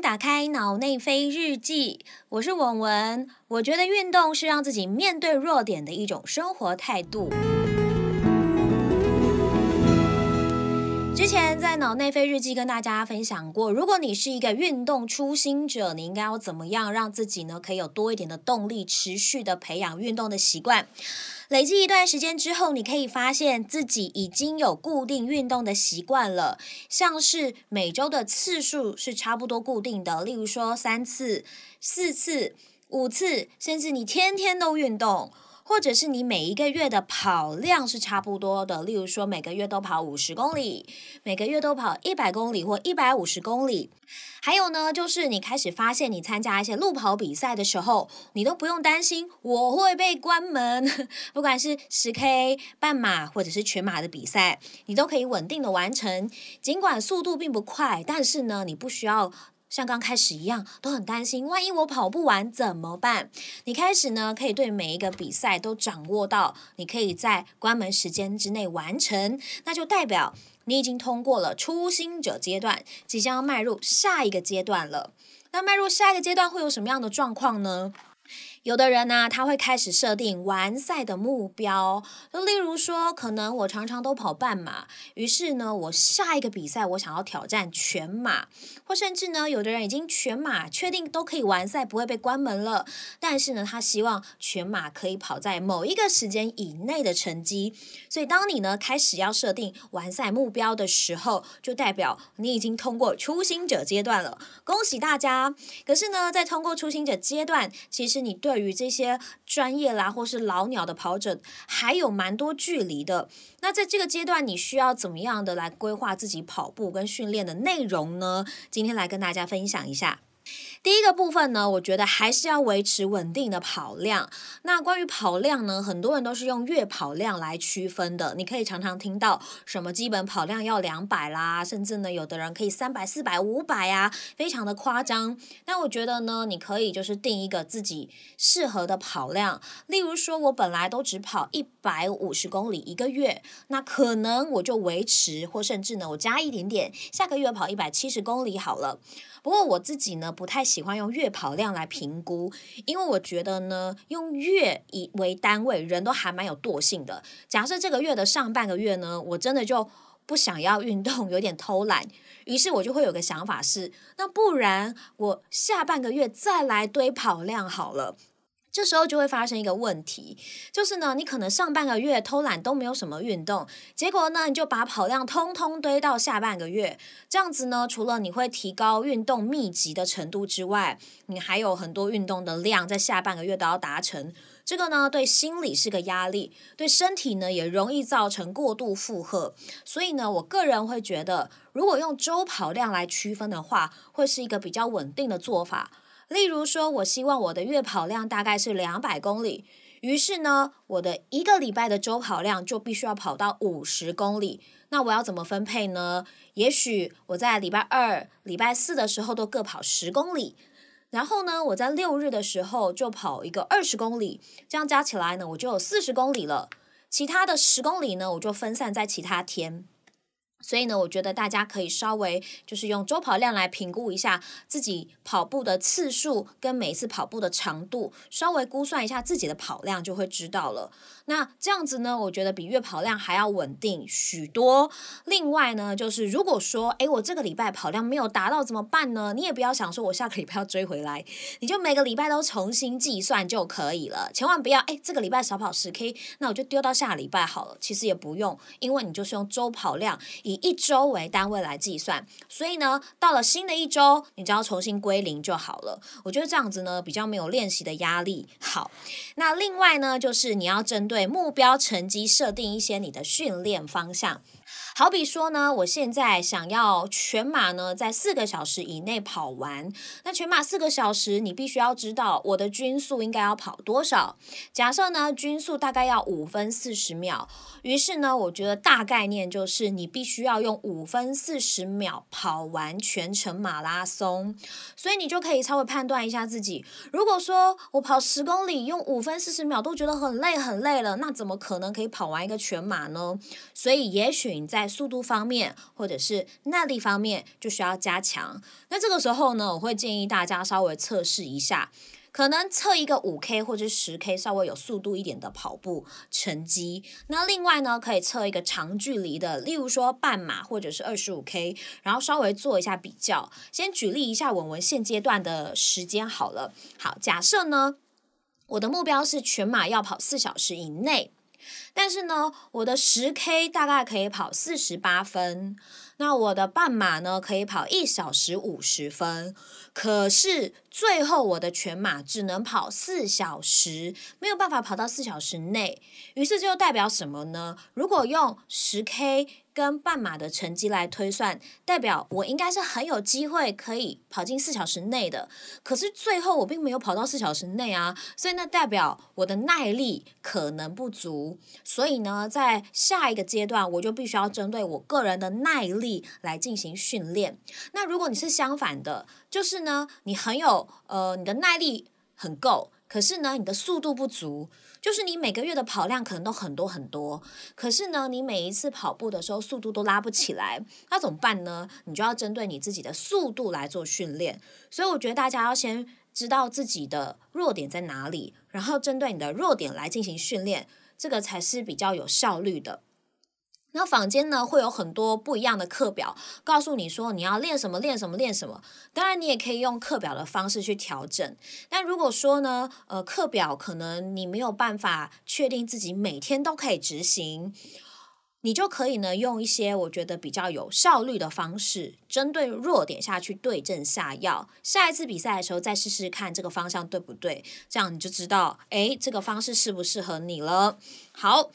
打開腦內啡日記。我是文文，我覺得運動是讓自己面對弱點的一種生活態度。之前在腦內啡日記跟大家分享過，如果你是一個運動初心者，你應該要怎麼樣讓自己呢，可以有多一點的動力，持續的培養運動的習慣。累積一段時間之後，你可以發現自己已經有固定運動的習慣了，像是每周的次數是差不多固定的，例如說三次、四次、五次，甚至你天天都運動。或者是你每一個月的跑量是差不多的，例如說每個月都跑五十公里，每個月都跑一百公里或一百五十公里。還有呢，就是你開始發現你參加一些路跑比賽的時候，你都不用擔心我會被關門， 不管是十 K、半馬或者是全馬的比賽，你都可以穩定的完成，儘管速度並不快，但是呢，你不需要。像剛開始一樣，都很擔心，萬一我跑不完怎麼辦？你開始呢，可以對每一個比賽都掌握到，你可以在關門時間之內完成。那就代表你已經通過了初心者階段，即將要邁入下一個階段了。那邁入下一個階段會有什麼樣的狀況呢？有的人呢、啊，他會開始設定完賽的目標，就例如說，可能我常常都跑半馬，於是呢，我下一個比賽我想要挑戰全馬，或甚至呢，有的人已經全馬確定都可以完賽，不會被關門了，但是呢，他希望全馬可以跑在某一個時間以內的成績。所以，當你呢開始要設定完賽目標的時候，就代表你已經通過初心者階段了，恭喜大家。可是呢，在通過初心者階段，其實你對對於這些專業啦，或是老鳥的跑者，還有蠻多距離的。那在這個階段，你需要怎麼樣的來規劃自己跑步跟訓練的內容呢？今天來跟大家分享一下。第一個部分呢，我覺得還是要維持穩定的跑量。那關於跑量呢，很多人都是用月跑量來區分的。你可以常常聽到什麼基本跑量要兩百啦，甚至呢，有的人可以三百、四百、五百呀，非常的誇張。那我覺得呢，你可以就是定一個自己適合的跑量。例如說，我本來都只跑一百五十公里一個月，那可能我就維持，或甚至呢，我加一點點，下個月跑一百七十公里好了。不過我自己呢，不太喜。喜歡用月跑量來評估，因為我覺得呢，用月以為單位，人都還蠻有惰性的。假設這個月的上半個月呢，我真的就不想要運動，有點偷懶，於是我就會有個想法是，那不然我下半個月再來堆跑量好了。這時候就會發生一個問題，就是呢，你可能上半個月偷懶都沒有什麼運動，結果呢，你就把跑量通通堆到下半個月。這樣子呢，除了你會提高運動密集的程度之外，你還有很多運動的量在下半個月都要達成。這個呢，對心理是個壓力，對身體呢也容易造成過度負荷。所以呢，我個人會覺得，如果用周跑量來區分的話，會是一個比較穩定的做法。例如說，我希望我的月跑量大概是兩百公里，於是呢，我的一個禮拜的周跑量就必須要跑到五十公里。那我要怎麼分配呢？也許我在禮拜二、禮拜四的時候都各跑十公里，然後呢，我在六日的時候就跑一個二十公里，這樣加起來呢，我就有四十公里了。其他的十公里呢，我就分散在其他天。所以呢，我覺得大家可以稍微就是用週跑量來評估一下自己跑步的次數跟每一次跑步的長度，稍微估算一下自己的跑量就會知道了。那這樣子呢，我覺得比月跑量還要穩定許多。另外呢，就是如果說，哎、欸，我這個禮拜跑量沒有達到怎麼辦呢？你也不要想說我下個禮拜要追回來，你就每個禮拜都重新計算就可以了。千萬不要，哎、欸，這個禮拜少跑 10K，那我就丟到下個禮拜好了。其實也不用，因為你就是用周跑量以一周為單位來計算，所以呢，到了新的一周，你只要重新歸零就好了。我覺得這樣子呢，比較沒有練習的壓力。好，那另外呢，就是你要針對。對目標成績設定一些你的訓練方向。好比說呢，我現在想要全馬呢，在四個小時以內跑完。那全馬四個小時，你必須要知道我的均速應該要跑多少。假設呢，均速大概要五分四十秒。於是呢，我覺得大概念，就是你必須要用五分四十秒跑完全程馬拉松。所以你就可以稍微判斷一下自己，如果說我跑十公里用五分四十秒都覺得很累很累了，那怎麼可能可以跑完一個全馬呢？所以也許。在速度方面或者是耐力方面就需要加強。那這個時候呢，我會建議大家稍微測試一下，可能測一個五 K 或者十 K，稍微有速度一點的跑步成績。那另外呢，可以測一個長距離的，例如說半馬或者是二十五 K，然後稍微做一下比較。先舉例一下，文文現階段的時間好了。好，假設呢，我的目標是全馬要跑四小時以內。但是呢，我的十 K 大概可以跑四十八分，那我的半馬呢，可以跑一小時五十分。可是最後我的全馬只能跑四小時，沒有辦法跑到四小時內。於是就代表什麼呢？如果用十 K 跟半馬的成績來推算，代表我應該是很有機會可以跑進四小時內的。可是最後我並沒有跑到四小時內啊，所以那代表我的耐力可能不足。所以呢，在下一個階段我就必須要針對我個人的耐力來進行訓練。那如果你是相反的，就是呢，你很有呃，你的耐力很夠，可是呢，你的速度不足。就是你每個月的跑量可能都很多很多，可是呢，你每一次跑步的時候速度都拉不起來，那怎麼辦呢？你就要針對你自己的速度來做訓練。所以我覺得大家要先知道自己的弱點在哪裡，然後針對你的弱點來進行訓練，這個才是比較有效率的。那坊間呢，會有很多不一樣的課表，告訴你說你要練什麼練什麼練什麼。當然，你也可以用課表的方式去調整。但如果說呢，呃，課表可能你沒有辦法確定自己每天都可以執行，你就可以呢，用一些我覺得比較有效率的方式，針對弱點下去對症下藥。下一次比賽的時候再試試看這個方向對不對，這樣你就知道，誒，這個方式適不適合你了。好。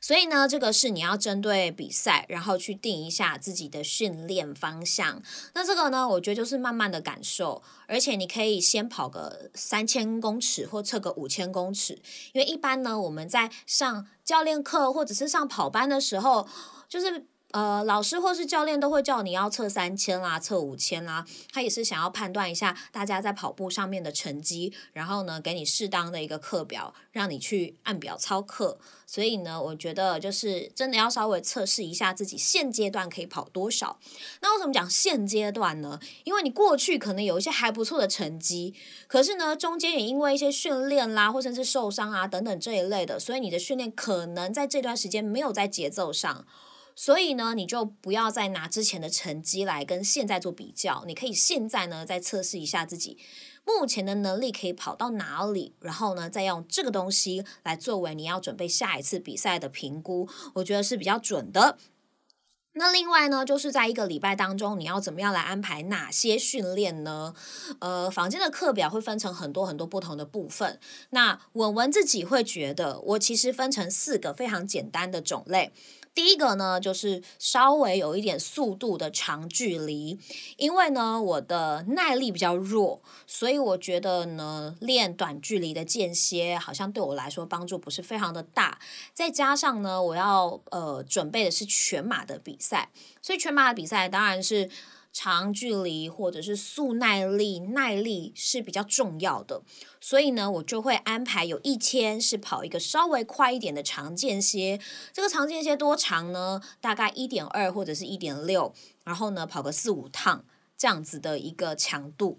所以呢，這個是你要針對比賽，然後去定一下自己的訓練方向。那這個呢，我覺得就是慢慢的感受，而且你可以先跑個三千公尺或測個五千公尺，因為一般呢，我們在上教練課或者是上跑班的時候，就是。呃，老師或是教練都會叫你要測三千啦，測五千啦。他也是想要判斷一下大家在跑步上面的成績，然後呢，給你適當的一個課表，讓你去按表操課。所以呢，我覺得就是真的要稍微測試一下自己現階段可以跑多少。那為什麼講現階段呢？因為你過去可能有一些還不錯的成績，可是呢，中間也因為一些訓練啦，或者是受傷啊等等這一類的，所以你的訓練可能在這段時間沒有在節奏上。所以呢，你就不要再拿之前的成績來跟現在做比較。你可以現在呢，再測試一下自己目前的能力可以跑到哪裡，然後呢，再用這個東西來作為你要準備下一次比賽的評估，我覺得是比較準的。那另外呢，就是在一個禮拜當中，你要怎麼樣來安排哪些訓練呢？呃，坊間的課表會分成很多很多不同的部分。那文文自己會覺得，我其實分成四個非常簡單的種類。第一個呢，就是稍微有一點速度的長距離，因為呢我的耐力比較弱，所以我覺得呢練短距離的間歇好像對我來說幫助不是非常的大，再加上呢我要呃準備的是全馬的比賽，所以全馬的比賽當然是。長距離或者是速耐力，耐力是比較重要的，所以呢，我就會安排有一天是跑一個稍微快一點的長間歇。這個長間歇多長呢？大概一點二或者是一點六，然後呢，跑個四五趟這樣子的一個強度。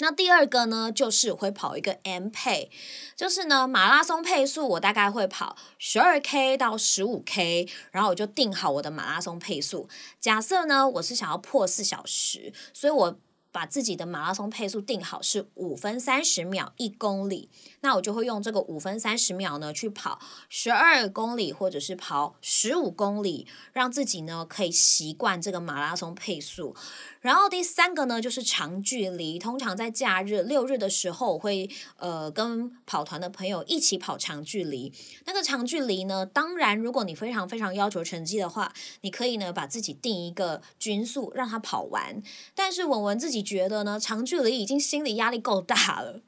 那第二個呢，就是我會跑一個 m 配，就是呢馬拉松配速，我大概會跑十二 k 到十五 k，然後我就定好我的馬拉松配速。假設呢我是想要破四小時，所以我。把自己的馬拉松配速定好是五分三十秒一公里，那我就會用這個五分三十秒呢去跑十二公里或者是跑十五公里，讓自己呢可以習慣這個馬拉松配速。然後第三個呢就是長距離，通常在假日六日的時候我會呃跟跑團的朋友一起跑長距離。那個長距離呢，當然如果你非常非常要求成績的話，你可以呢把自己定一個均速讓他跑完。但是文文自己，你覺得呢？長距離已經心理壓力夠大了，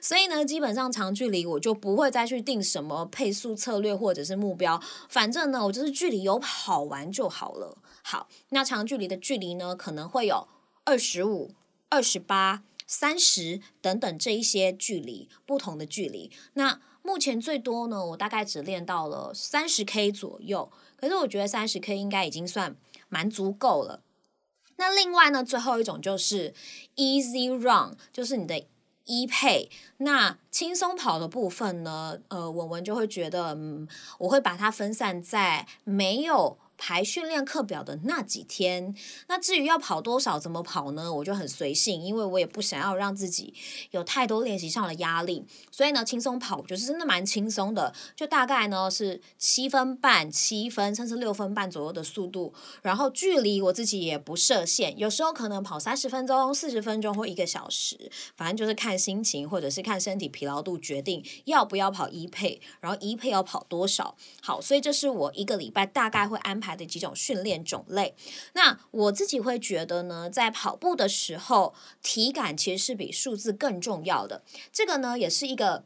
所以呢，基本上長距離我就不會再去定什麼配速策略或者是目標，反正呢，我就是距離有跑完就好了。好，那長距離的距離呢，可能會有二十五、二十八、三十等等這一些距離，不同的距離。那目前最多呢，我大概只練到了三十 K 左右，可是我覺得三十 K 應該已經算蠻足夠了。那另外呢，最後一種就是 easy run，就是你的 E 配，那輕鬆跑的部分呢，呃，文文就會覺得，嗯，我會把它分散在沒有。排訓練課表的那幾天，那至於要跑多少，怎麼跑呢？我就很隨性，因為我也不想要讓自己有太多練習上的壓力，所以呢，輕鬆跑就是真的蠻輕鬆的，就大概呢是七分半、七分甚至六分半左右的速度，然後距離我自己也不設限，有時候可能跑三十分鐘、四十分鐘或一個小時，反正就是看心情或者是看身體疲勞度決定要不要跑一配，然後一配要跑多少。好，所以這是我一個禮拜大概會安排的幾種訓練種類，那我自己會覺得呢，在跑步的時候，體感其實是比數字更重要的。這個呢，也是一個。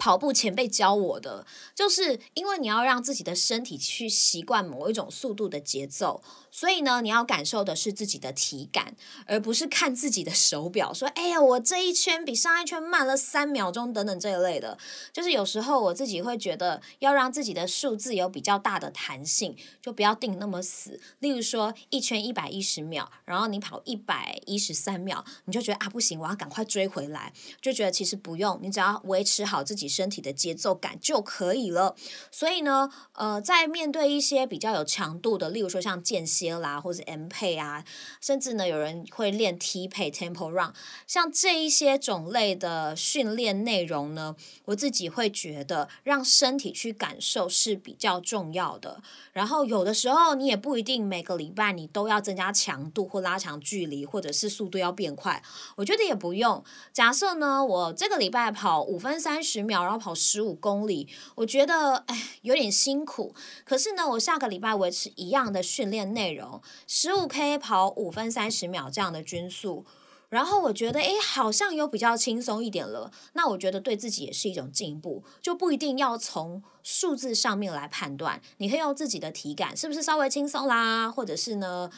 跑步前輩教我的，就是因為你要讓自己的身體去習慣某一種速度的節奏，所以呢，你要感受的是自己的體感，而不是看自己的手錶說，哎呀，我這一圈比上一圈慢了三秒鐘等等這一類的。就是有時候我自己會覺得，要讓自己的數字有比較大的彈性，就不要定那麼死。例如說，一圈一百一十秒，然後你跑一百一十三秒，你就覺得啊不行，我要趕快追回來，就覺得其實不用，你只要維持好自己。身體的節奏感就可以了。所以呢，呃，在面對一些比較有強度的，例如說像間歇啦，或者 M 配啊，甚至呢有人會練 T 配 （Tempo Run），像這一些種類的訓練內容呢，我自己會覺得讓身體去感受是比較重要的。然後有的時候你也不一定每個禮拜你都要增加強度或拉長距離，或者是速度要變快，我覺得也不用。假設呢，我這個禮拜跑五分三十秒，然後跑十五公里，我覺得哎有點辛苦。可是呢，我下個禮拜維持一樣的訓練內容，十五 K 跑五分三十秒這樣的均速，然後我覺得哎好像有比較輕鬆一點了。那我覺得對自己也是一種進步，就不一定要從數字上面來判斷，你可以用自己的體感，是不是稍微輕鬆啦，或者是呢？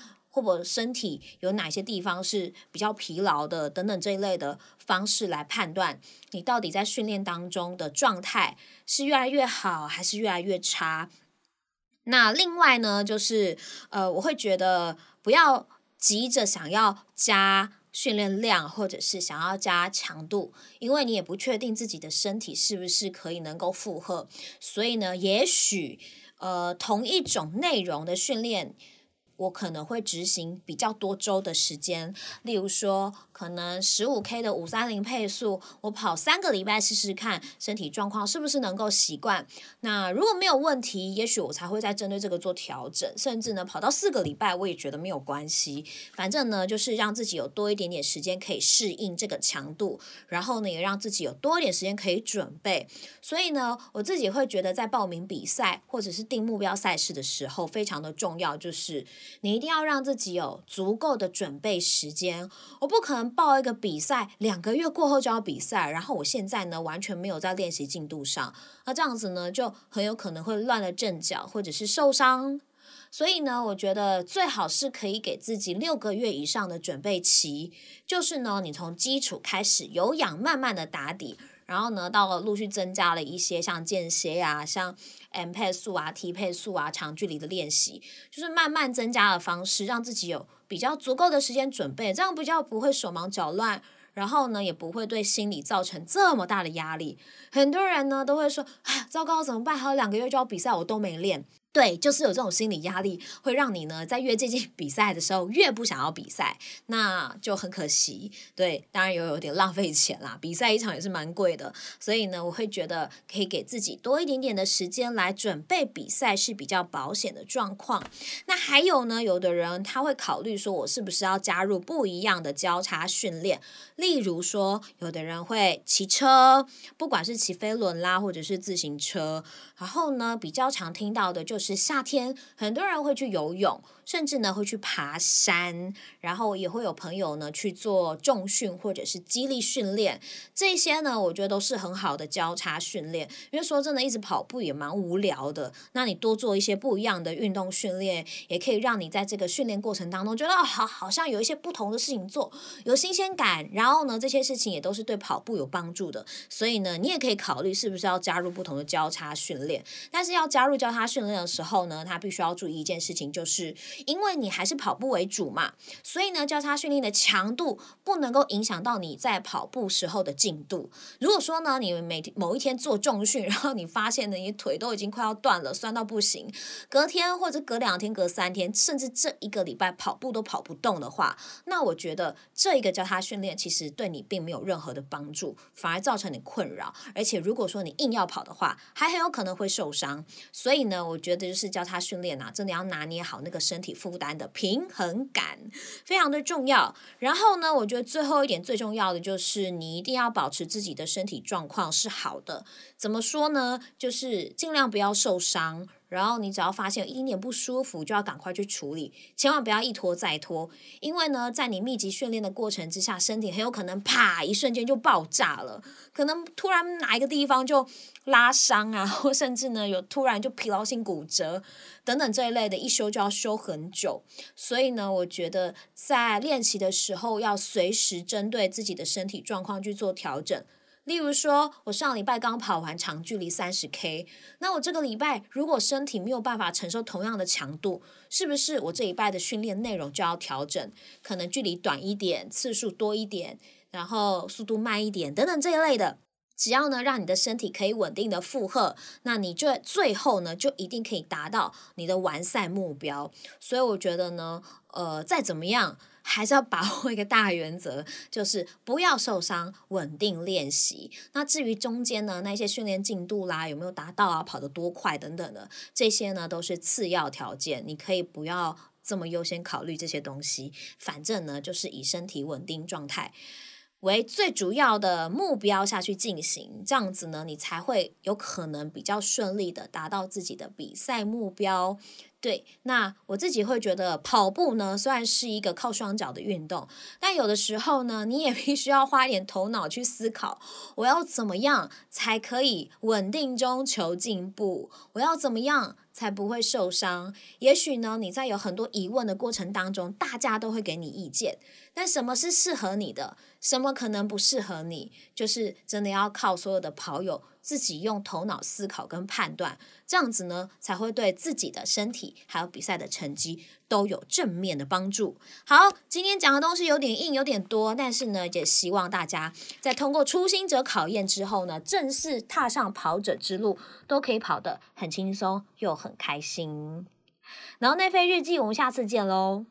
或者身體有哪些地方是比較疲勞的等等，這一類的方式來判斷你到底在訓練當中的狀態是越來越好還是越來越差？那另外呢，就是呃，我會覺得不要急着想要加訓練量或者是想要加強度，因為你也不確定自己的身體是不是可以能夠負荷。所以呢，也許呃，同一種內容的訓練。我可能會執行比較多週的時間，例如說，可能十五 K 的五三零配速，我跑三個禮拜試試看身體狀況是不是能夠習慣。那如果沒有問題，也許我才會再針對這個做調整，甚至呢跑到四個禮拜我也覺得沒有關係。反正呢，就是讓自己有多一點點時間可以適應這個強度，然後呢也讓自己有多一點時間可以準備。所以呢，我自己會覺得在報名比賽或者是定目標賽事的時候非常的重要，就是。你一定要讓自己有足夠的準備時間。我不可能報一個比賽，兩個月過後就要比賽，然後我現在呢完全沒有在練習進度上，那這樣子呢就很有可能會亂了陣腳，或者是受傷。所以呢，我覺得最好是可以給自己六個月以上的準備期，就是呢你從基礎開始，有氧慢慢的打底。然後呢，到了陸續增加了一些像間歇呀、啊、像 M 配速啊、T 配速啊、長距離的練習，就是慢慢增加的方式，讓自己有比較足夠的時間準備，這樣比較不會手忙腳亂，然後呢，也不會對心理造成這麼大的壓力。很多人呢都會說啊，糟糕，怎麼辦？還有兩個月就要比賽，我都沒練。對，就是有這種心理壓力，會讓你呢在越接近比賽的時候越不想要比賽，那就很可惜。對，當然也有點浪費錢啦，比賽一場也是蠻貴的。所以呢，我會覺得可以給自己多一點點的時間來準備比賽是比較保險的狀況。那還有呢，有的人他會考慮說，我是不是要加入不一樣的交叉訓練？例如說，有的人會騎車，不管是騎飛輪啦，或者是自行車。然後呢，比較常聽到的就是。就是夏天，很多人會去游泳，甚至呢會去爬山，然後也會有朋友呢去做重訓或者是肌力訓練，這些呢我覺得都是很好的交叉訓練。因為說真的，一直跑步也蠻無聊的，那你多做一些不一樣的運動訓練，也可以讓你在這個訓練過程當中覺得好，好像有一些不同的事情做，有新鮮感。然後呢，這些事情也都是對跑步有幫助的，所以呢，你也可以考慮是不是要加入不同的交叉訓練。但是要加入交叉訓練的時候。時候呢，他必須要注意一件事情，就是因為你還是跑步為主嘛，所以呢，交叉訓練的強度不能夠影響到你在跑步時候的進度。如果說呢，你每某一天做重訓，然後你發現呢，你腿都已經快要斷了，酸到不行，隔天或者隔兩天、隔三天，甚至這一個禮拜跑步都跑不動的話，那我覺得這一個交叉訓練其實對你並沒有任何的幫助，反而造成你困擾。而且如果說你硬要跑的話，還很有可能會受傷。所以呢，我覺得。這就是交叉訓練吶、啊，真的要拿捏好那個身體負擔的平衡感，非常的重要。然後呢，我覺得最後一點最重要的就是，你一定要保持自己的身體狀況是好的。怎麼說呢？就是盡量不要受傷。然後你只要發現有一點點不舒服，就要趕快去處理，千萬不要一拖再拖。因為呢，在你密集訓練的過程之下，身體很有可能啪一瞬間就爆炸了，可能突然哪一個地方就拉傷啊，或甚至呢有突然就疲勞性骨折等等這一類的，一休就要休很久。所以呢，我覺得在練習的時候要隨時針對自己的身體狀況去做調整。例如說，我上禮拜剛跑完長距離三十 K，那我這個禮拜如果身體沒有辦法承受同樣的強度，是不是我這禮拜的訓練內容就要調整？可能距離短一點，次數多一點，然後速度慢一點等等這一類的，只要呢讓你的身體可以穩定的負荷，那你就最後呢就一定可以達到你的完賽目標。所以我覺得呢，呃，再怎麼樣。還是要把握一個大原則，就是不要受傷，穩定練習。那至於中間呢，那些訓練進度啦，有沒有達到啊，跑得多快等等的，這些呢都是次要條件，你可以不要這麼優先考慮這些東西。反正呢，就是以身體穩定狀態為最主要的目標下去進行，這樣子呢，你才會有可能比較順利的達到自己的比賽目標。對，那我自己會覺得，跑步呢雖然是一個靠雙腳的運動，但有的時候呢，你也必須要花一點頭腦去思考，我要怎麼樣才可以穩定中求進步？我要怎麼樣？才不會受傷。也許呢，你在有很多疑問的過程當中，大家都會給你意見。但什麼是適合你的？什麼可能不適合你？就是真的要靠所有的跑友。自己用頭腦思考跟判斷，這樣子呢，才會對自己的身體還有比賽的成績都有正面的幫助。好，今天講的東西有點硬，有點多，但是呢，也希望大家在通過初心者考驗之後呢，正式踏上跑者之路，都可以跑得很輕鬆又很開心。然後那篇日記，我們下次見嘍。